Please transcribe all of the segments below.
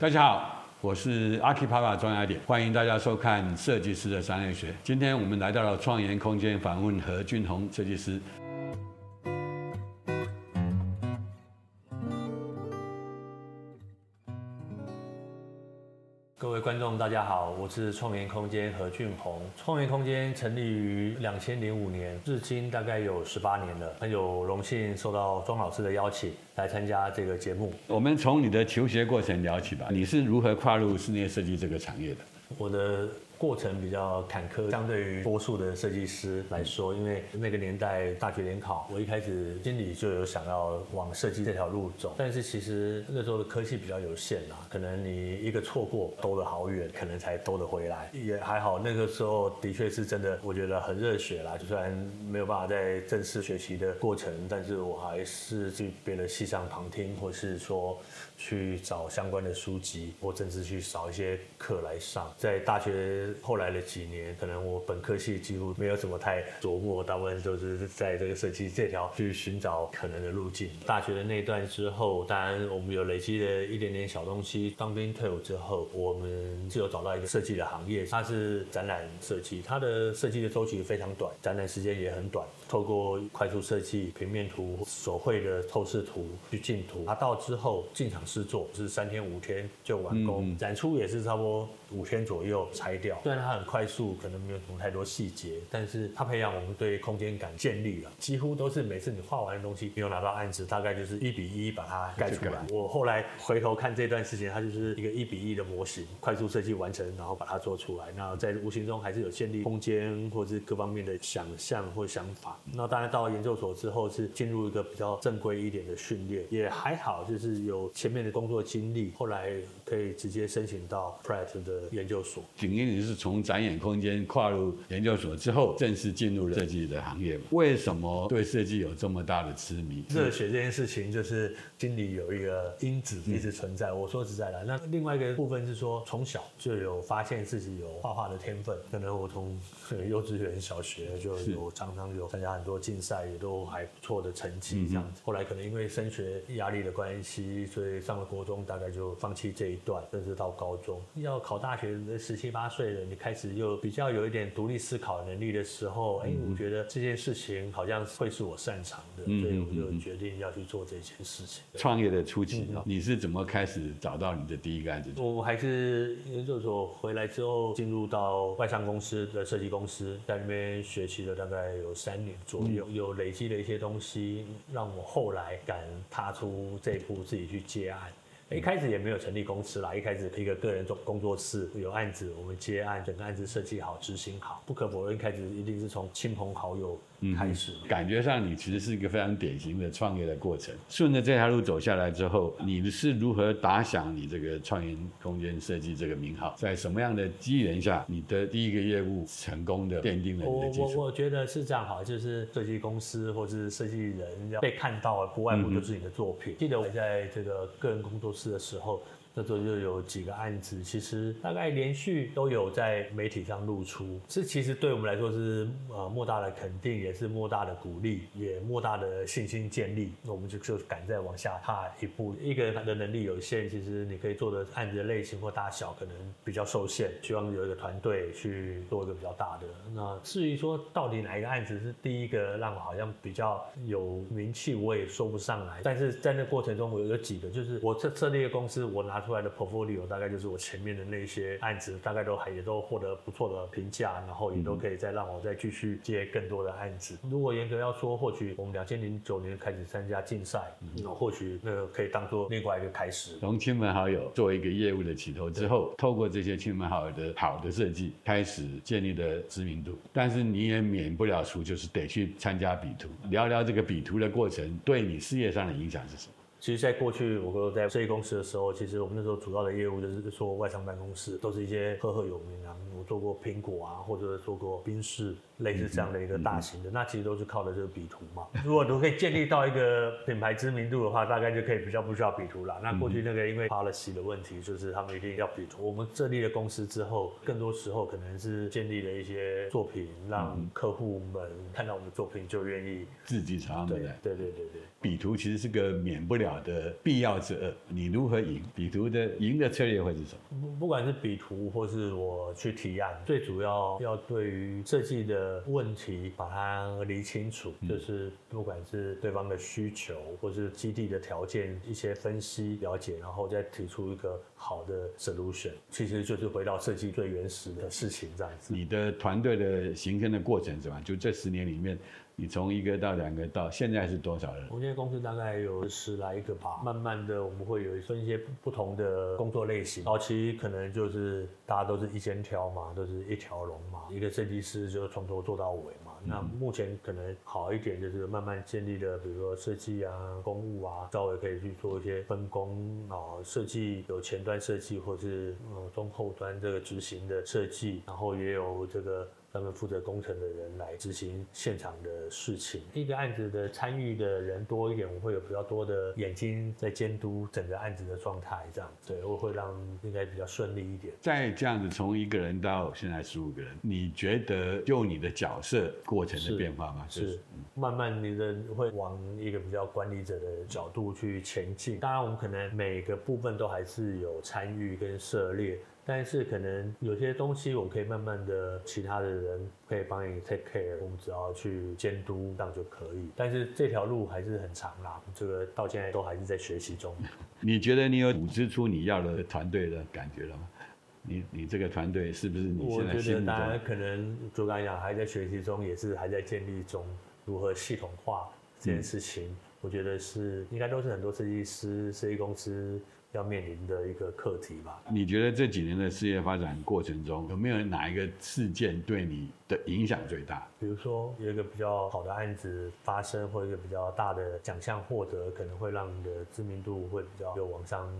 大家好，我是阿基帕帕莊雅典，歡迎大家收看設計師的商業學。今天我們來到了創研空間，訪問何俊宏設計師。各位觀眾大家好，我是創研空間何俊宏。創研空間成立於兩千零五年，至今大概有十八年了。很有榮幸受到莊老師的邀請來參加這個節目。我們從你的求學過程聊起吧，你是如何跨入室內設計這個產業的？我的。過程比較坎坷，相對於多數的設計師來說，因為那個年代大學聯考，我一開始心裡就有想要往設計這條路走。但是其實那時候的科技比較有限啦，可能你一個錯過兜了好遠，可能才兜得回來。也還好，那個時候的確是真的，我覺得很熱血啦。就雖然沒有辦法再正式學習的過程，但是我還是去別的系上旁聽，或是說。去找相關的書籍，或甚至去找一些課來上。在大學後來的幾年，可能我本科系幾乎沒有怎麼太琢磨，大部分都是在這個設計這條去尋找可能的路徑。大學的那段之後，當然我們有累積了一點點小東西。當兵退伍之後，我們就有找到一個設計的行業，它是展覽設計，它的設計的週期非常短，展覽時間也很短。透過快速設計、平面圖、手繪的透視圖去進圖，拿到之後進場試做，就是三天五天就完工。展、嗯嗯、出也是差不多五天左右拆掉。雖然它很快速，可能沒有什麼太多細節，但是它培養我們對空間感建立了、啊。幾乎都是每次你畫完的東西沒有拿到案子，大概就是一比一把它蓋出來。我後來回頭看這段時間，它就是一個一比一的模型，快速設計完成，然後把它做出來。那在無形中還是有建立空間或者是各方面的想象或想法。那大概，到了研究所之後是進入一個比較正規一點的訓練，也還好，就是有前面的工作經歷，後來可以直接申請到 Pratt 的研究所。景英你是從展演空間跨入研究所之後，正式進入了設計的行業。為什麼對設計有這麼大的痴迷？熱血這件事情，就是心裡有一個因子一直存在。我說實在的，那另外一個部分是說，從小就有發現自己有畫畫的天分，可能我從幼稚園、小學就有常常有參加。很多競賽也都還不錯的成績這樣子。嗯嗯，後來可能因為升學壓力的關係，所以上了國中大概就放棄這一段，甚至到高中要考大學的十七八歲了，你開始又比較有一點獨立思考能力的時候，哎、嗯嗯欸，我覺得這件事情好像會是我擅長的，嗯嗯嗯嗯嗯，所以我就決定要去做這件事情。創業的初期、嗯，你是怎麼開始找到你的第一個案子？我還是就是說回來之後進入到外商公司的設計公司，在那邊學習了大概有三年。有有累積的一些東西，讓我後來敢踏出這一步自己去接案。一開始也沒有成立公司啦，一開始一個個人做工作室，有案子我們接案，整個案子設計好、執行好。不可否認，一開始一定是從親朋好友。嗯，開始。感覺上你其實是一個非常典型的創業的過程。順着這條路走下來之後，你是如何打響你這個“創研空間設計”這個名號？在什麼樣的機緣下，你的第一個業務成功的奠定了你的基礎？我我，我覺得是這樣，好，就是設計公司或者設計人要被看到了，不外乎就是你的作品、嗯。記得我在這個個人工作室的時候。這周就有幾個案子，其實大概連續都有在媒體上露出，這其實對我們來說是呃莫大的肯定，也是莫大的鼓勵，也莫大的信心建立。那我們就就敢再往下踏一步。一個人的能力有限，其實你可以做的案子的類型或大小可能比較受限，希望有一個團隊去做一個比較大的。那至於說到底哪一個案子是第一個讓我好像比較有名氣，我也說不上來。但是在那過程中，我有幾個就是我設設立一個公司，我拿出來的 portfolio 大概就是我前面的那些案子，大概都還也都獲得不錯的評價，然後也都可以再讓我再繼續接更多的案子。如果嚴格要說，或許我們二千零九年開始參加競賽，那、嗯、或許那、呃、可以當做另外一個開始。從親朋好友做一個業務的起頭之後，透過這些親朋好友的好的設計，開始建立的知名度，但是你也免不了說，就是得去參加比圖，聊聊這個比圖的過程對你事業上的影響是什麼？其實，在過去，我都在這一公司的時候，其實我們那時候主要的業務就是說外商辦公室，都是一些赫赫有名啊。我做過蘋果啊，或者做過賓士，類似這樣的一個大型的，嗯、那其實都是靠的就是比圖嘛、嗯。如果都可以建立到一個品牌知名度的話，大概就可以比較不需要比圖了。那過去那個因為 policy 的問題，就是他們一定要比圖。嗯、我們設立了公司之後，更多時候可能是建立了一些作品，讓客戶們看到我們的作品就願意自己查。對。對對對對對。比圖其實是個免不了的必要之惡，你如何贏比圖的贏的策略會是什麼？嗯，不，不管是比圖或是我去提案，最主要要對於設計的問題把它理清楚，就是不管是對方的需求或是基地的條件，一些分析了解，然後再提出一個好的 solution，其實就是回到設計最原始的事情這樣子。你的團隊的形成的過程是吧，就這十年裡面。你從一個到兩個到現在是多少人？我們現在公司大概有十來一個吧。慢慢的，我們會有一些一些不同的工作類型。其實可能就是大家都是一肩挑嘛，都是一條龍嘛。一個設計師就從頭做到尾嘛。那目前可能好一點就是慢慢建立的，比如說設計啊、公務啊，稍微可以去做一些分工。啊設計有前端設計，或是呃中後端這個執行的設計，然後也有這個。他們負責工程的人來執行現場的事情。一個案子的參與的人多一點，我會有比較多的眼睛在監督整個案子的狀態，這樣對我會讓應該比較順利一點。再這樣子從一個人到現在十五個人，你覺得用你的角色過程的變化嗎？是，是，慢慢你的人會往一個比較管理者的角度去前進。當然，我們可能每個部分都還是有參與跟涉獵。但是可能有些東西我可以慢慢的，其他的人可以幫你 take care，我們只要去監督這樣就可以。但是這條路還是很長啦，這個到現在都還是在學習中 。你覺得你有組織出你要的團隊的感覺了嗎？你你這個團隊是不是？你現在？我覺得大家可能就剛才講，還在學習中，也是還在建立中，如何系統化這件事情，嗯、我覺得是應該都是很多設計師、設計公司。要面臨的一個課題吧。你覺得這幾年的事業發展過程中，有沒有哪一個事件對你的影響最大？比如說有一個比較好的案子發生，或者一個比較大的獎項獲得，可能會讓你的知名度會比較有往上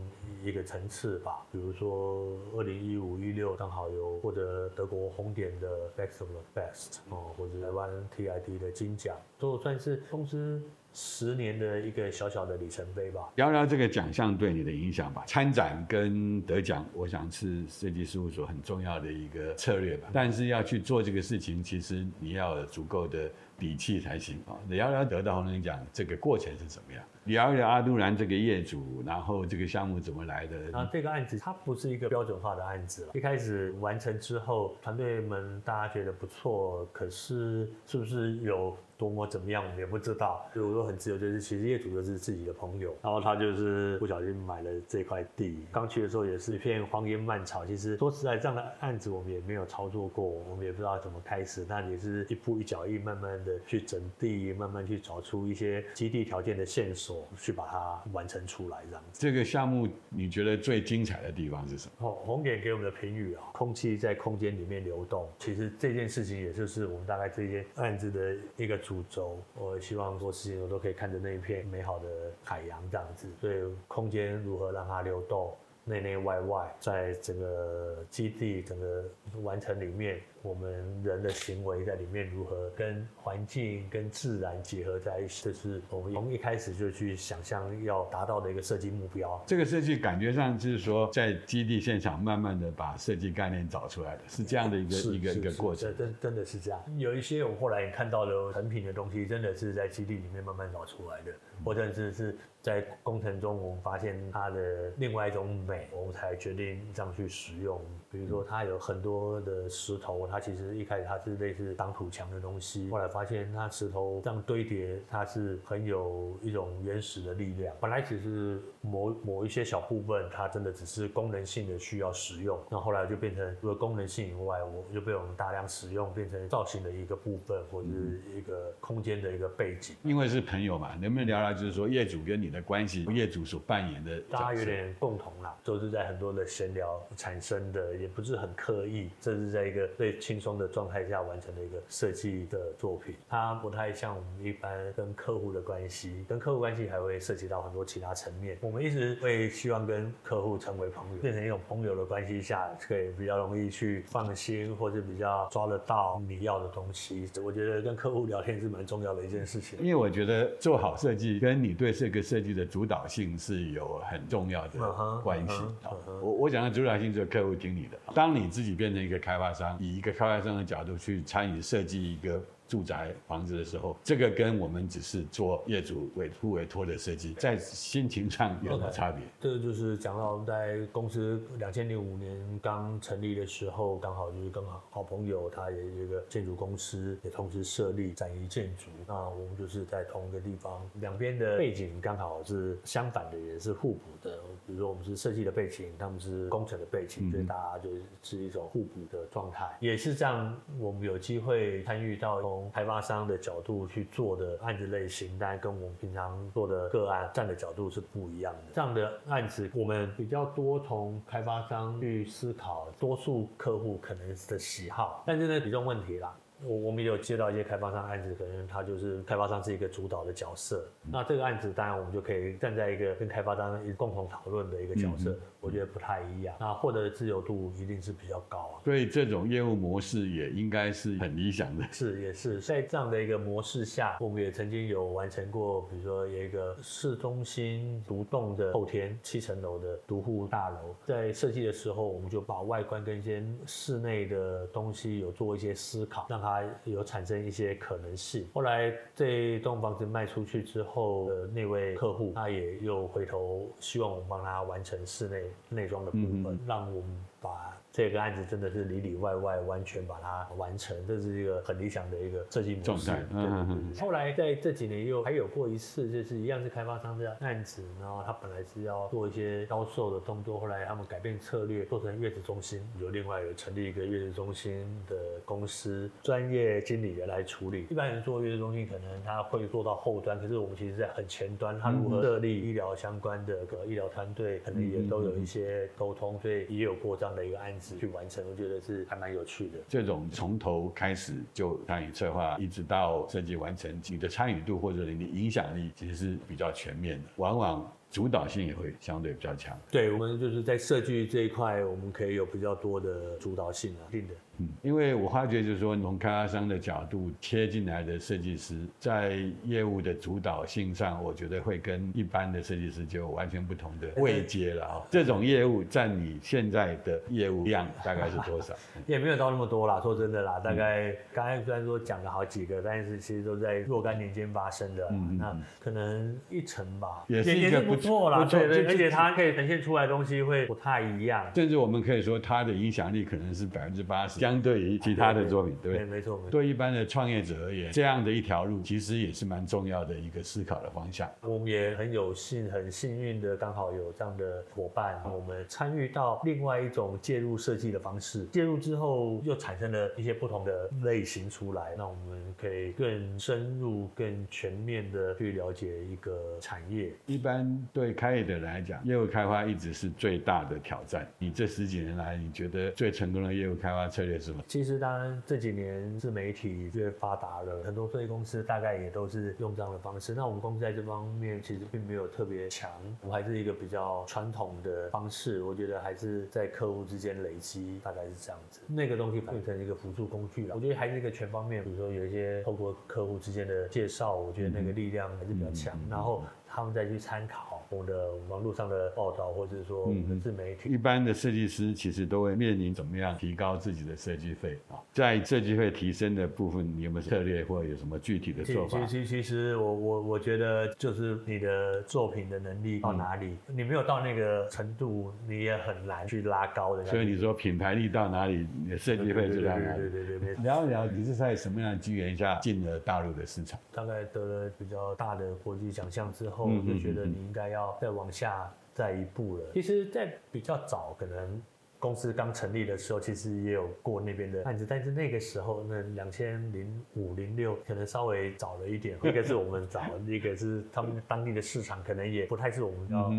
一個層次吧。比如說二零一五、一六，剛好有獲得德國紅點的 Best of the Best，哦，或者台灣 TID 的金獎，都算是公司。十年的一個小小的里程碑吧。聊聊這個獎項對你的影響吧。參展跟得獎，我想是設計事務所很重要的一個策略吧。但是要去做這個事情，其實你要有足夠的底氣才行啊。你聊聊得到紅點獎這個過程是怎麼樣？聊聊阿都蘭這個業主，然後這個項目怎麼來的？啊，這個案子它不是一個標準化的案子。一開始完成之後，團隊們大家覺得不錯，可是是不是有？多麼怎麼樣，我們也不知道。就我說很自由，就是其實業主就是自己的朋友，然後他就是不小心買了這塊地。剛去的時候也是一片荒煙蔓草。其實說實在，這樣的案子我們也沒有操作過，我們也不知道怎麼開始。那也是一步一腳印，慢慢的去整地，慢慢去找出一些基地條件的線索，去把它完成出來這樣子。這個項目你覺得最精彩的地方是什麼？哦，紅點給我們的評語啊，空氣在空間裡面流動。其實這件事情也就是我們大概這些案子的一個。蘇州，我也希望做事情，我都可以看着那一片美好的海洋這樣子。所以，空間如何讓它流動？內內外外，在這個基地整個完成裡面，我們人的行為在裡面如何跟環境、跟自然結合在一起，這是我們從一開始就去想象要達到的一個設計目標。這個設計感覺上就是說，在基地現場慢慢的把設計概念找出來的，是這樣的一個一個一個過程。真真的是這樣。有一些我後來看到的成品的東西，真的是在基地裡面慢慢找出來的，或者是是在工程中我們發現它的另外一種美。我們才決定這樣去使用。比如說，它有很多的石頭，它其實一開始它是類似擋土牆的東西，後來發現它石頭這樣堆疊，它是很有一種原始的力量。本來只是某某一些小部分，它真的只是功能性的需要使用，那後來就變成除了功能性以外，我就被我們大量使用，變成造型的一個部分或者是一個空間的一個背景。因為是朋友嘛，能不能聊聊就是說，業主跟你的關係，業主所扮演的？大家有點共同啦，都是在很多的閒聊產生的。也不是很刻意，這是在一個最輕鬆的狀態下完成的一個設計的作品。它不太像我們一般跟客戶的關係，跟客戶關係還會涉及到很多其他層面。我們一直會希望跟客戶成為朋友，變成一種朋友的關係下，可以比較容易去放心，或者是比較抓得到你要的東西。我覺得跟客戶聊天是蠻重要的一件事情。因為我覺得做好設計，跟你對這個設計的主導性是有很重要的關係。嗯嗯嗯嗯。我我講的主導性就是客戶聽你。當你自己變成一個開發商，以一個開發商的角度去參與設計一個住宅房子的時候，這個跟我們只是做業主委托委託的設計，在心情上有什麼差別？這個就是講到在公司兩千零五年剛成立的時候，剛好就是跟好朋友，他也是一個建築公司，也同時設立展一建築。那我們就是在同一個地方，兩邊的背景剛好是相反的，也是互補的。比如說我們是設計的背景，他們是工程的背景，所以大家就是是一種互補的狀態、嗯。也是這樣，我們有機會參與到。開發商的角度去做的案子類型，當然跟我們平常做的個案站的角度是不一樣的。這樣的案子，我們比較多從開發商去思考多數客戶可能的喜好，但是呢，比重問題啦。我我們也有接到一些開發商案子，可能他就是開發商是一個主導的角色，嗯，那這個案子當然我們就可以站在一個跟開發商共同討論的一個角色。嗯我覺得不太一樣，那獲得的自由度一定是比較高，所以這種業務模式也應該是很理想的。是，也是在這樣的一個模式下，我們也曾經有完成過，比如說有一個市中心獨棟的後天七層樓的獨戶大樓，在設計的時候，我們就把外觀跟一些室內的東西有做一些思考，讓它有產生一些可能性。後來這棟房子賣出去之後的那位客戶，他也又回頭希望我們幫他完成室內。內裝的部分，嗯，讓我們把。這個案子真的是裡裡外外完全把它完成，這是一個很理想的一個設計狀態。嗯嗯。後來在這幾年又還有過一次，就是一樣是開發商這樣的案子，然後他本來是要做一些銷售的動作，後來他們改變策略，做成月子中心，有另外有成立一個月子中心的公司，專業經理人來處理。一般人做月子中心，可能他會做到後端，可是我們其實在很前端，他如何設立醫療相關的個醫療團隊，可能也都有一些溝通，所以也有過這樣的一個案子。去完成，我覺得是還蠻有趣的。這種從頭開始就參與策劃，一直到設計完成，你的參與度或者你的影響力其實是比較全面的，往往。主導性也會相對比較強，對，對我們就是在設計這一塊，我們可以有比較多的主導性啊。定的，嗯，因為我發覺就是說，從開發商的角度切進來的設計師，在業務的主導性上，我覺得會跟一般的設計師就完全不同的位接位階了啊。這種業務占你現在的業務量大概是多少、 嗯？也沒有到那麼多啦，說真的啦，大概剛才雖然說講了好幾個、嗯，但是其實都在若干年間發生的啦嗯嗯。那可能一成吧。也是一個。不錯啦，對對，對，而且它可以呈現出來的東西會不太一樣。甚至我們可以說，它的影響力可能是百分之八十，相對於其他的作品，對不對？沒錯，對一般的創業者而言，這樣的一條路其實也是蠻重要的一個思考的方向。我們也很有幸、很幸運的，剛好有這樣的伙伴，我們參與到另外一種介入設計的方式，介入之後又產生了一些不同的類型出來，那我們可以更深入、更全面的去了解一個產業。一般。對開業的來講，業務開發一直是最大的挑戰。你這十幾年來，你覺得最成功的業務開發策略是什麼？其實，當然這幾年自媒體越發達了，很多創業公司大概也都是用這樣的方式。那我們公司在這方面其實並沒有特別強，我還是一個比較傳統的方式。我覺得還是在客戶之間累積，大概是這樣子。那個東西變成一個輔助工具了。我覺得還是一個全方面，比如說有一些透過客戶之間的介紹，我覺得那個力量還是比較強。然後他們再去參考。我的網絡上的報道，或者是說我的自媒體、嗯，一般的設計師其實都會面臨怎麼樣提高自己的設計費。在設計費提升的部分，你有沒有策略或有什麼具體的做法？其實，其實，其實我我我覺得就是你的作品的能力到哪裡，嗯、你沒有到那個程度，你也很難去拉高的。所以你說品牌力到哪裡，你的設計費就在哪裡。對對對對，聊一聊你是在什麼樣的機緣下進了大陸的市場？大概得了比較大的國際獎項之後，就覺得你應該要。嗯要再往下再一步了。其實，在比較早可能，公司剛成立的時候，其實也有過那邊的案子，但是那個時候，那兩千零五零六可能稍微早了一點。一個是我們早，一個是他們當地的市場可能也不太是我們叫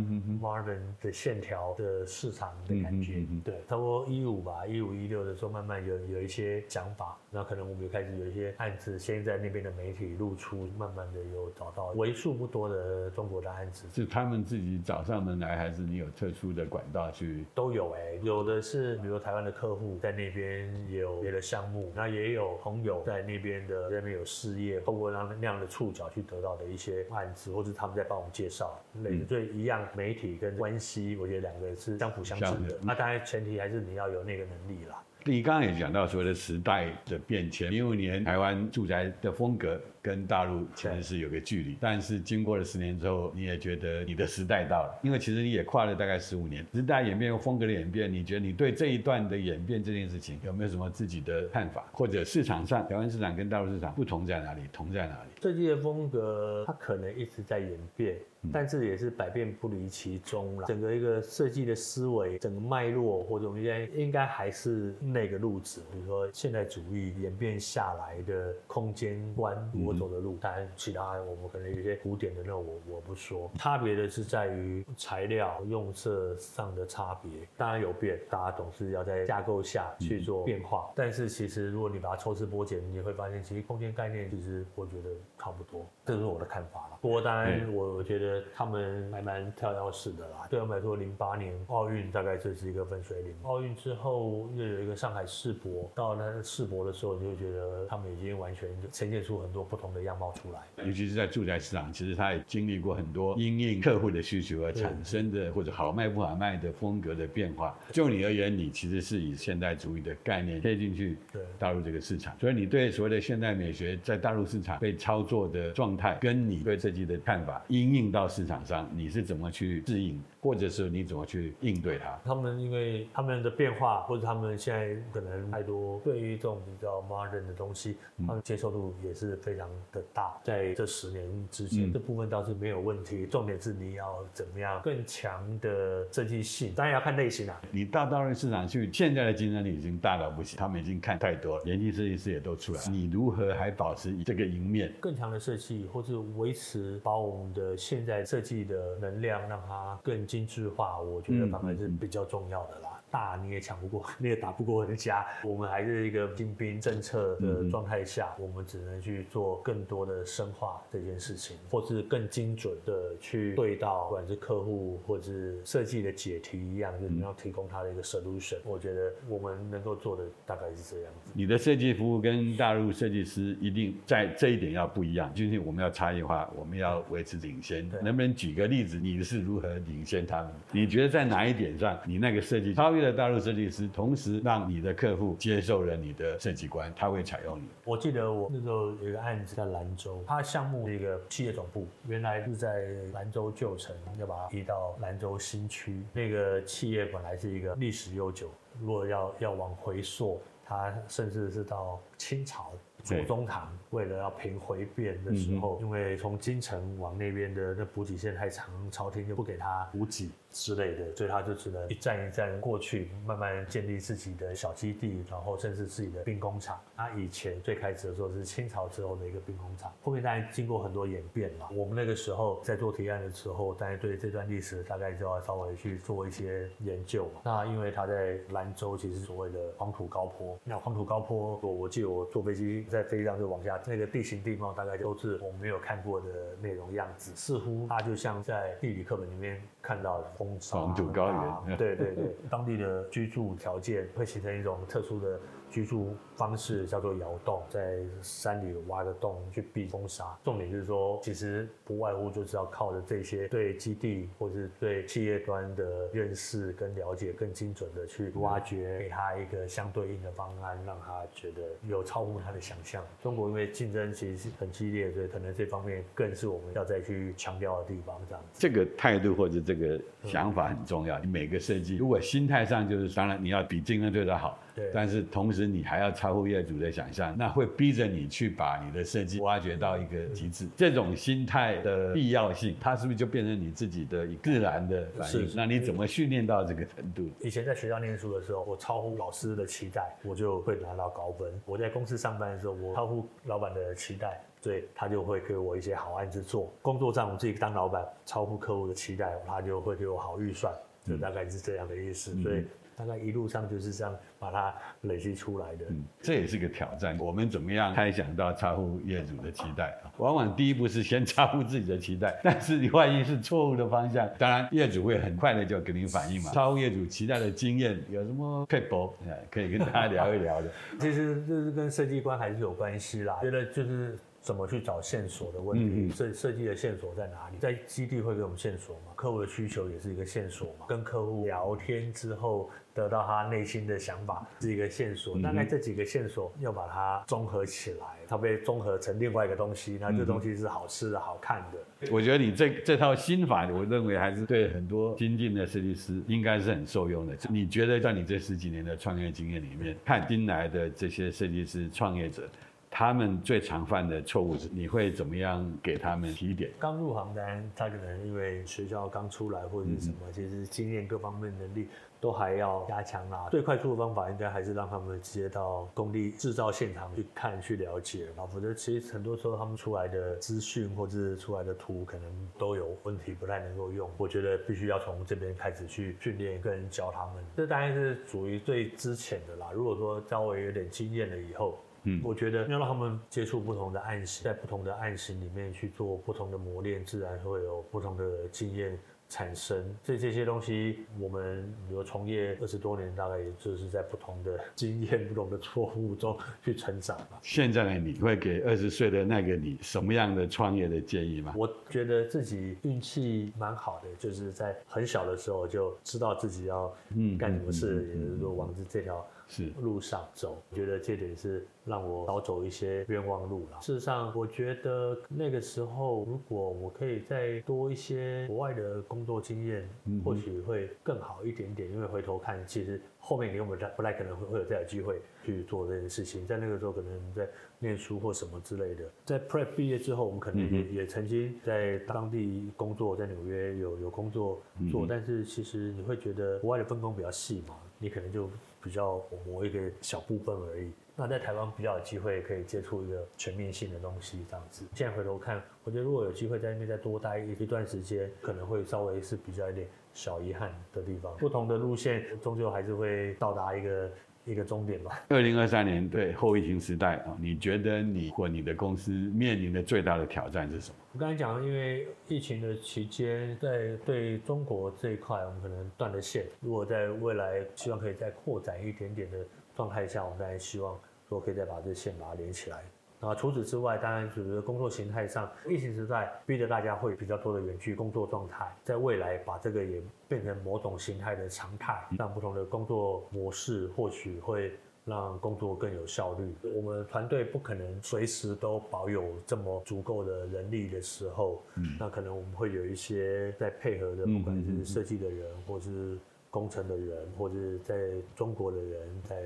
modern 的線條的市場的感覺。對，差不多一五吧，一五一六的時候，慢慢有有一些想法，那可能我們就開始有一些案子，先在那邊的媒體露出，慢慢的有找到為數不多的中國的案子，是他們自己找上門來，還是你有特殊的管道去？都有哎、欸，有。或者是比如台灣的客戶在那邊有別的項目，那也有朋友在那邊的那邊有事業，透過那那樣的觸角去得到的一些案子，或者他們在幫我們介紹對、嗯、所以一樣媒體跟關係，我覺得兩個是相輔相成的。那當然前提還是你要有那個能力啦、嗯。你剛剛也講到所謂的時代的變遷，零五年台灣住宅的風格。跟大陸其實是有個距離，但是經過了十年之後，你也覺得你的時代到了，因為其實你也跨了大概十五年，只是大家演變、風格的演變，你覺得你對這一段的演變這件事情有沒有什麼自己的看法？或者市場上台灣市場跟大陸市場不同在哪裡？同在哪裡？設計的風格它可能一直在演變，但是也是百變不離其宗了。整個一個設計的思維、整個脈絡或者我們現在應該還是那個路子，比如說現代主義演變下來的空間觀。我、嗯、走的路，但其他我們可能有些古典的那種，我我不說。差別的是在於材料用色上的差別，當然有變，大家總是要在架構下去做變化。嗯、但是其實如果你把它抽絲剝繭，你會發現其實空間概念其實我覺得差不多，這是我的看法了。不過當然我覺得他們還蠻跳躍式的啦。對我們來說，零八年奧運大概就是一個分水嶺，奧運之後又有一個上海世博，到那世博的時候，你就覺得他們已經完全呈現出很多不。不同的樣貌出來，尤其是在住宅市場，其實他也經歷過很多因應客戶的需求而產生的或者好賣不好賣的風格的變化。就你而言，你其實是以現代主義的概念貼進去，對，大陸這個市場。所以你對所謂的現代美學在大陸市場被操作的狀態，跟你對設計的看法，因應到市場上，你是怎麼去適應？或者是你怎麼去應對它？他們因為他們的變化，或者他們現在可能太多對於這種比較 modern 的東西，嗯，他們接受度也是非常的大。在這十年之間，嗯，這部分倒是沒有問題。重點是你要怎麼樣更強的設計性？當然要看類型啊。你到大陸市場去，現在的競爭力已經大到不行，他們已經看太多了，年輕設計師也都出來了。你如何還保持這個贏面？更強的設計，或是維持把我們的現在設計的能量讓它更。精緻化，我覺得當然是比較重要的啦，嗯嗯嗯。大，你也搶不過，你也打不過人家。我們還是一個精兵政策的狀態下，嗯、我們只能去做更多的深化這件事情，或是更精準的去對到，不管是客戶或者是設計的解題一樣，你、就是、要提供他的一個 solution、嗯。我覺得我們能夠做的大概是這樣。你的設計服務跟大陸設計師一定在這一點要不一樣，就是我們要差異化，我們要維持領先。能不能舉個例子，你是如何領先他們？你覺得在哪一點上，你那個設計？大陸設計師，同時讓你的客戶接受了你的設計觀，他會採用你。我記得我那時候有一個案子在蘭州，他項目是一個企業總部，原來是在蘭州舊城，要把他移到蘭州新區。那個企業本來是一個歷史悠久，如果要要往回溯，它甚至是到清朝。左宗棠為了要平回變的時候、嗯，因為從京城往那邊的那補給線太長，朝廷就不給他補給之類的，所以他就只能一站一站過去，慢慢建立自己的小基地，然後甚至自己的兵工廠。他、啊、以前最開始的時候是清朝之後的一個兵工廠，後面當然經過很多演變嘛，我們那個時候在做提案的時候，當然對這段歷史大概就要稍微去做一些研究。那因為他在蘭州，其實所謂的黃土高坡，那黃土高坡，我我記得我坐飛機。在飛機上就往下，那個地形地貌大概都是我們沒有看過的內容樣子，似乎它就像在地理課本裡面看到的風沙很、啊、黃土高原，啊啊。對對對，當地的居住條件會形成一種特殊的居住方式，叫做窯洞，在山裡挖個洞去避風沙。重點就是說，其實不外乎就是要靠着這些對基地或是對企業端的認識跟了解，更精準的去挖掘，給他一個相對應的方案，讓他覺得有超乎他的想法。像中國，因為競爭其實是很激烈，所以可能這方面更是我們要再去強調的地方。這樣子，這個態度或者這個想法很重要。你、嗯、每個設計，如果心態上就是，當然你要比競爭對手好。但是同時，你還要超乎業主的想象，那會逼着你去把你的設計挖掘到一個極致。這種心態的必要性，它是不是就變成你自己的自然的反應？那你怎麼訓練到這個程度？以前在學校念書的時候，我超乎老師的期待，我就會拿到高分；我在公司上班的時候，我超乎老闆的期待，所以他就會給我一些好案子做。工作上我自己當老闆，超乎客戶的期待，他就會給我好預算。大概是這樣的意思，嗯，所以大概一路上就是這樣把它累積出來的。嗯，這也是個挑戰，我們怎麼樣開想到超乎業主的期待啊？往往第一步是先超乎自己的期待，但是你萬一是錯誤的方向，當然業主會很快的就給您反應嘛。超乎業主期待的經驗有什麼撇步可以跟大家聊一聊的？ 其實就是跟設計觀還是有關係啦，覺得就是。怎麼去找線索的問題？設設計的線索在哪裡？在基地會給我們線索嗎？客戶的需求也是一個線索嘛？跟客戶聊天之後得到他內心的想法是一個線索。大概這幾個線索要把它綜合起來，它被綜合成另外一個東西。那這東西是好吃的、好看的。我覺得你這這套心法，我認為還是對很多新進的設計師應該是很受用的。你覺得在你這十幾年的創業經驗裡面，看進來的這些設計師創業者？他們最常犯的錯誤是，你會怎麼樣給他們提點？剛入行單，他可能因為學校剛出來或者是什麼，其實經驗各方面能力都還要加強啦、啊。最快速的方法應該還是讓他們直接到工地制造現場去看、去了解吧。否則，其實很多時候他們出來的資訊或者是出來的圖可能都有問題，不太能夠用。我覺得必須要從這邊開始去訓練，跟教他們，這當然是屬於最之前的啦。如果說稍微有點經驗了以後。嗯，我覺得要讓他們接觸不同的案型，在不同的案型裡面去做不同的磨練，自然會有不同的經驗。產生。所以這些東西，我們比如從業二十多年，大概也就是在不同的經驗、不同的錯誤中去成長吧。現在的你會給二十歲的那個你什麼樣的創業的建議嗎？我覺得自己運氣蠻好的，就是在很小的時候就知道自己要幹什麼事，也就是說往這條是路上走。我覺得這點是讓我少走一些冤枉路了。事實上，我覺得那個時候如果我可以再多一些國外的工工作經驗或許會更好一點點，嗯、因為回頭看，其實後面給我們不不太可能會會有再有機會去做這件事情。在那個時候，可能在念書或什麼之類的。在 Pratt 畢業之後，我們可能也也曾經在當地工作，在紐約有有工作做，嗯，但是其實你會覺得國外的分工比較細嘛，你可能就比較磨一個小部分而已。那在台灣比較有機會可以接觸一個全面性的東西，這樣子。現在回頭看，我覺得如果有機會在那邊再多待一段時間，可能會稍微是比較一點小遺憾的地方。不同的路線終究還是會到達一個一個終點吧。二零二三年對後疫情時代啊，你覺得你或你的公司面臨的最大的挑戰是什麼？我剛才講了，因為疫情的期間，在對中國這一塊我們可能斷了線。如果在未來希望可以再擴展一點點的狀態下，我們大家希望，都可以再把這線把它連起來。那除此之外，當然就是工作形態上，疫情時代逼着大家會比較多的遠距工作狀態，在未來把這個也變成某種形態的常態，讓不同的工作模式或許會讓工作更有效率。我們團隊不可能隨時都保有這麼足夠的人力的時候，那可能我們會有一些在配合的，不管是設計的人，或是工程的人，或是在中國的人，在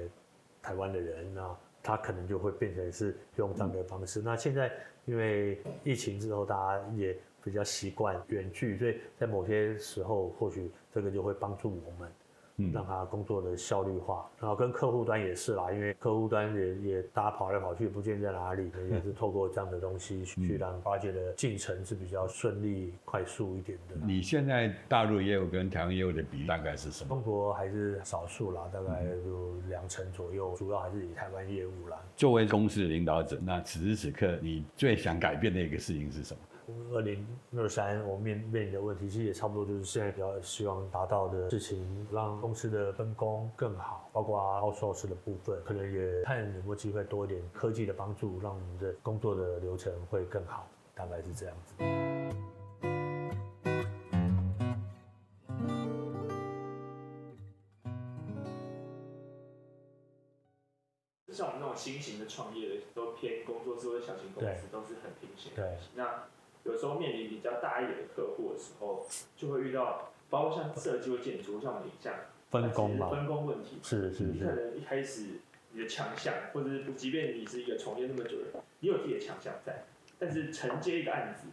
台灣的人啊。他可能就會變成是用這樣的方式。那現在因為疫情之後，大家也比較習慣遠距，所以在某些時候，或許這個就會幫助我們。嗯，讓他工作的效率化，然後跟客戶端也是啦，因為客戶端也也大家跑來跑去，不見在哪裡，也是透過這樣的東西去讓發掘的進程是比較順利、快速一點的。你現在大陸業務跟台灣業務的比大概是什麼？中國還是少數啦，大概就兩成左右，主要還是以台灣業務啦。作為公司的領導者，那此時此刻你最想改變的一個事情是什麼？二零二三，我面面臨的問題其實也差不多，就是現在比較希望達到的事情，讓公司的分工更好，包括啊，outsource 的部分，可能也看有沒有機會多一點科技的幫助，讓我們的工作的流程會更好，大概是這樣子。就像我們那種新型的創業，都偏工作室或小型公司，都是很平行對，有時候面臨比較大一點的客戶的時候，就會遇到，包括像設計或建築，像我們影像，分工嘛，分工問題，是是是。可能一開始你的強項，或者是即便你是一個從業那麼久的人，你有自己的強項在，但是承接一個案子，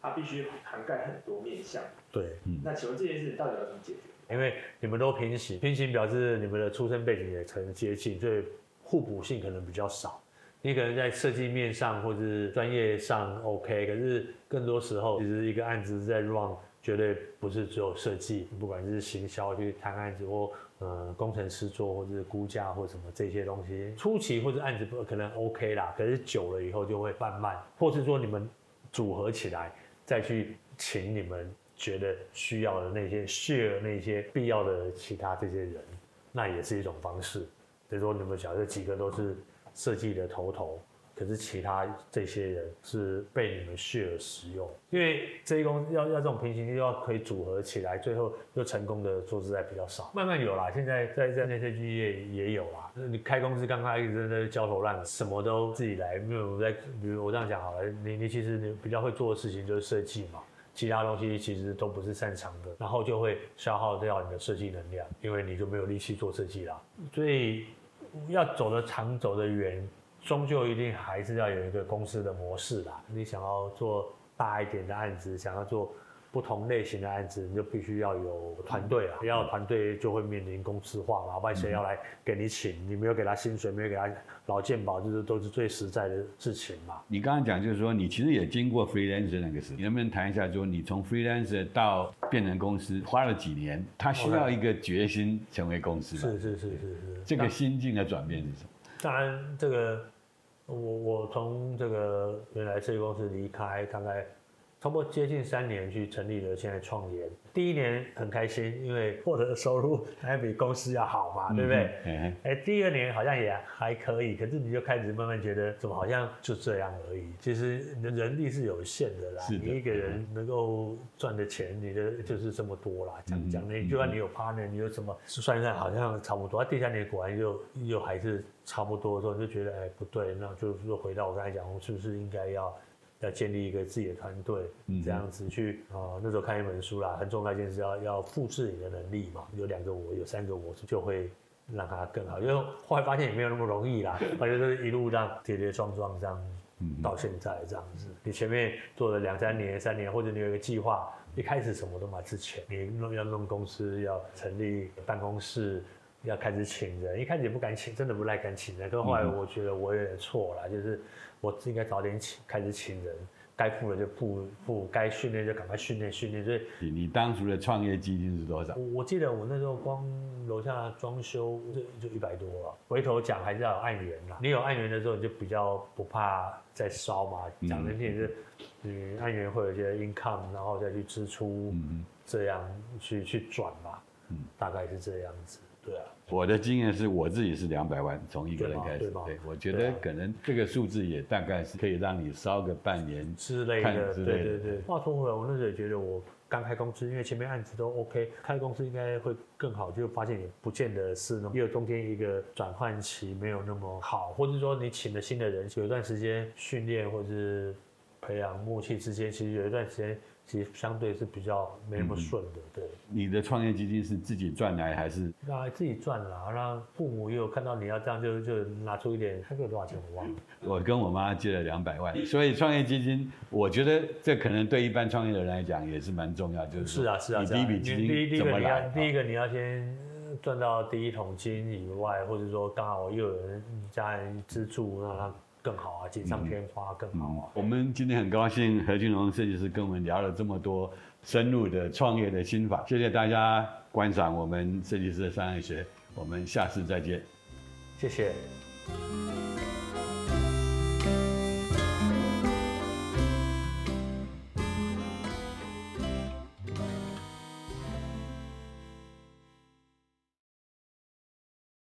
它必須涵蓋很多面向。對，嗯。那請問這件事你到底要怎麼解決？因為你們都平行，平行表示你們的出身背景也成接近，所以互補性可能比較少。你可能在設計面上或是專業上 OK，可是更多時候其實一個案子在 run 絕對不是只有設計，不管是行銷去談案子或、呃、工程師做或者估價或什麼這些東西，初期或者案子可能 OK 啦，可是久了以後就會變慢，或是說你們組合起來再去請你們覺得需要的那些 share 那些必要的其他這些人，那也是一種方式。比如說你們想這幾個都是。設計的頭頭，可是其他這些人是被你們 share 使用，因為這一公司要要這種平行又要可以組合起來，最後又成功的做出來比較少，慢慢有啦，現在在在內設計業也，也有啦。你開公司剛剛一直在焦頭爛額，什麼都自己來，沒有我在，比如我這樣講好了，你你其實你比較會做的事情就是設計嘛，其他東西其實都不是擅長的，然後就會消耗掉你的設計能量，因為你就沒有力氣做設計啦，所以。要走得長、走得遠，終究一定還是要有一個公司的模式啦。你想要做大一點的案子，想要做。不同類型的案子，你就必須要有團隊啊。要有團隊就會面臨公司化嘛，不然誰要來給你請？你沒有給他薪水，沒有給他勞健保，就是都是最實在的事情嘛。你剛剛講就是說，你其實也經過 freelancer 那個事，你能不能談一下，就你從 freelancer 到變成公司花了幾年？他需要一個決心成為公司。是是是是是，這個心境的轉變是什麼？當然，這個我我從這個原來設計公司離開，大概。通過接近三年去成立了現在創研。第一年很開心，因為獲得的收入還比公司要好嘛，對不對，嗯嗯欸。第二年好像也還可以，可是你就開始慢慢覺得，怎麼好像就這樣而已？其實你的人力是有限的啦，是的，你一個人能夠賺的錢你，你、嗯、的就是這麼多啦。講講呢，就算你有 partner，你有什麼算算，好像差不多。啊、第三年果然又又還是差不多的時候，你就覺得哎、欸、不對，那就是說回到我剛才講，我是不是應該要？要建立一個自己的團隊，這樣子去啊、嗯哦。那時候看一本書啦，很重要一件事要，要要複製你的能力嘛。有兩個我，有三個我，就會讓它更好。因為後來發現也沒有那麼容易啦，反、嗯、正就是一路這樣跌跌撞撞這樣到現在這樣子。嗯、你前面做了兩三年、三年，或者你有一個計劃，一開始什麼都買之前，你弄要弄公司，要成立辦公室。要開始請人，一開始也不敢請，真的不太敢請人。但後來我覺得我也有點錯了、嗯，就是我應該早點請，開始請人，該付了就付，付該訓練就趕快訓練訓練。所以你你當時的創業基金是多少？我我記得我那時候光樓下裝修就就一百多了。回頭講還是要案源啦，你有案源的時候你就比較不怕再燒嘛。講真聽，就是，你案源會有一些 income，然後再去支出，嗯、這樣去去轉嘛、嗯。大概是這樣子。對啊。我的經驗是，我自己是兩百萬，從一個人開始。對吧？對吧？對，我覺得可能這個數字也大概是可以讓你燒個半年。之類的。對對對。話說回來，我那時候也覺得我剛開公司，因為前面案子都 OK，開公司應該會更好。就發現也不見得是那麼，又中間一個轉換期沒有那麼好，或者說你請了新的人，有一段時間訓練或者是。培養默契之間，其實有一段時間，其實相對是比較沒那麼順的。對。嗯、你的創業基金是自己賺來還是？自己賺了然後父母又看到你要這樣就，就就拿出一點，他給我多少錢我忘了。我跟我媽借了兩百萬，所以創業基金、嗯，我覺得這可能對一般創業的人來講也是蠻重要，就是是啊是啊，是啊是啊，你第一筆基金怎麼來？第一個你要先賺到第一桶金以外，或者說剛好又有人家人資助，讓他。更好啊，錦上添花更好啊，嗯。我們今天很高興，何俊宏設計師跟我們聊了這麼多深入的創業的心法。謝謝大家觀賞我們設計師的商業學，我們下次再見，謝謝。